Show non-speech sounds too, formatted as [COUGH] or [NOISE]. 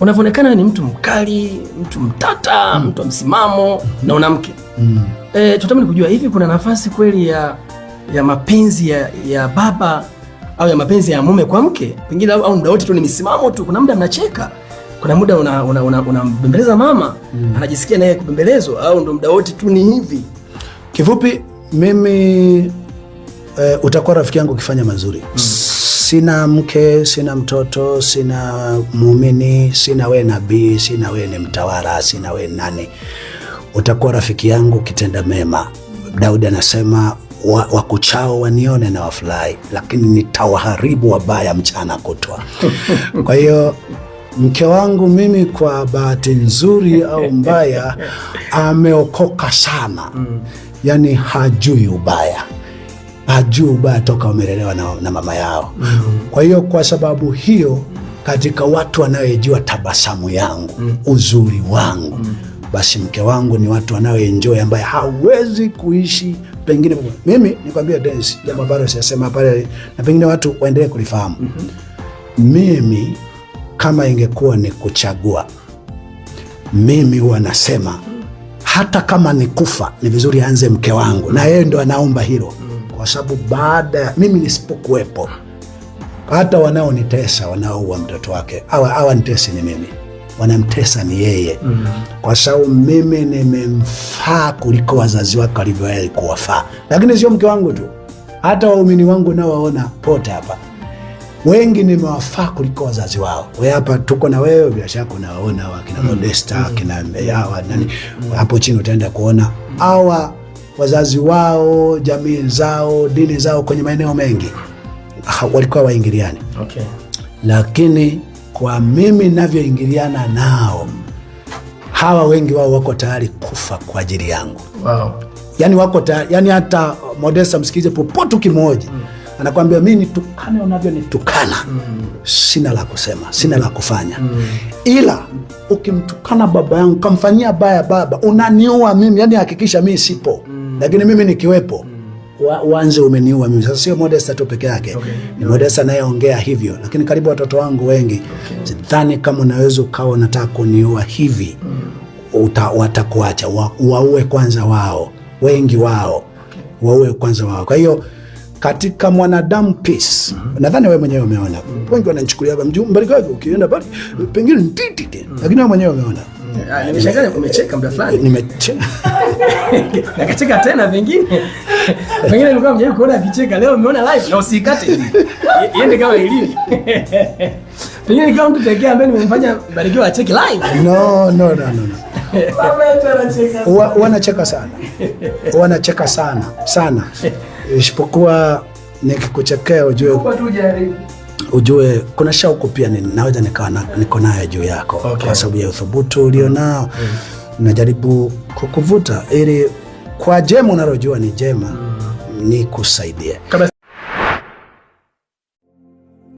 unavyoonekana ni mtu mkali, mtu mtata, mm. mtu wa msimamo na unamke mm. E, eh, tunatamani kujua hivi kuna nafasi kweli ya ya mapenzi ya, ya baba au ya mapenzi ya mume kwa mke pengine, au muda wote tu ni misimamo tu? Kuna muda mnacheka, kuna muda unambembeleza una, una, una mama mm. anajisikia naye kubembelezwa, au ndo muda wote tu ni hivi? Kifupi mimi e, utakuwa rafiki yangu ukifanya mazuri mm sina mke, sina mtoto, sina muumini, sina we nabii, sina we ni mtawala, sina we nani, utakuwa rafiki yangu ukitenda mema. Daudi anasema wakuchao wanione na wafurahi, lakini nitawaharibu wabaya mchana kutwa. [LAUGHS] Kwa hiyo mke wangu mimi kwa bahati nzuri au mbaya [LAUGHS] ameokoka sana, mm. yani hajui ubaya hajui ubaya toka wamelelewa na, na mama yao mm -hmm. Kwa hiyo kwa sababu hiyo katika watu wanaoijua tabasamu yangu mm -hmm. uzuri wangu mm -hmm. basi mke wangu ni watu wanaoenjoy, ambaye hawezi kuishi pengine mimi nikwambia Dennis, jambo ambalo siasema pale na pengine watu waendelee kulifahamu mm -hmm. mimi kama ingekuwa ni kuchagua mimi huwa nasema hata kama ni kufa ni vizuri aanze mke wangu, na yeye ndo anaomba hilo kwa sababu baada ya mimi nisipokuwepo, hata wanaonitesa wanaoua mtoto wake hawanitesi ni mimi, wanamtesa ni yeye mm -hmm. kwa sababu mimi nimemfaa kuliko wazazi wake walivyowahi kuwafaa. Lakini sio mke wangu tu, hata waumini wangu nawaona pote hapa wengi nimewafaa kuliko wazazi wao. We hapa tuko na wewe, bila shaka unawaona wakina mm. Modesta, mm -hmm. wakina Meawa nani, mm -hmm. hapo chini utaenda kuona mm -hmm. awa wazazi wao, jamii zao, dini zao, kwenye maeneo mengi walikuwa waingiliani. Okay. Lakini kwa mimi navyoingiliana nao hawa wengi wao wako tayari kufa kwa ajili yangu. Wow. Yani wako tayari, yani hata Modesta msikilize popote kimoja mm. Anakwambia mi nitukane unavyonitukana mm. Sina la kusema, sina mm. la kufanya mm. Ila ukimtukana baba yangu, kamfanyia baya baba, unaniua mimi, yani hakikisha mi sipo mm lakini mimi nikiwepo mm. wanze umeniua mimi. Sasa sio Modesta tu peke yake, okay. Ni Modesta anayeongea hivyo, lakini karibu watoto wangu wengi sidhani okay. Kama unaweza ukawa unataka kuniua hivi mm. Watakuacha waue kwanza wao, wengi wao waue kwanza wao. Kwa hiyo katika mwanadamu peace mm -hmm. Nadhani wewe mwenyewe umeona mm -hmm. Wengi wanachukulia mbali kwake, ukienda bali pengine mm -hmm. lakini wewe mwenyewe umeona. mm -hmm. Ah, nimecheka, nimecheka muda fulani, nimecheka [LAUGHS] [LAUGHS] nakacheka tena, pengine pengine nilikuwa mjai kuona akicheka, leo umeona live na usikate iende kama ilivyo. [LAUGHS] Pengine nikawa mtu pekee ambaye nimemfanya barikiwa acheke live. No, no, no, no, no. Wanacheka sana, wanacheka sana sana, isipokuwa nikikuchekea ujue ujue kuna shauku pia naweza nikawa niko nayo juu yako, okay. Kwa sababu ya uthubutu ulionao mm najaribu kukuvuta ili kwa jema unalojua ni jema, mm. ni kusaidia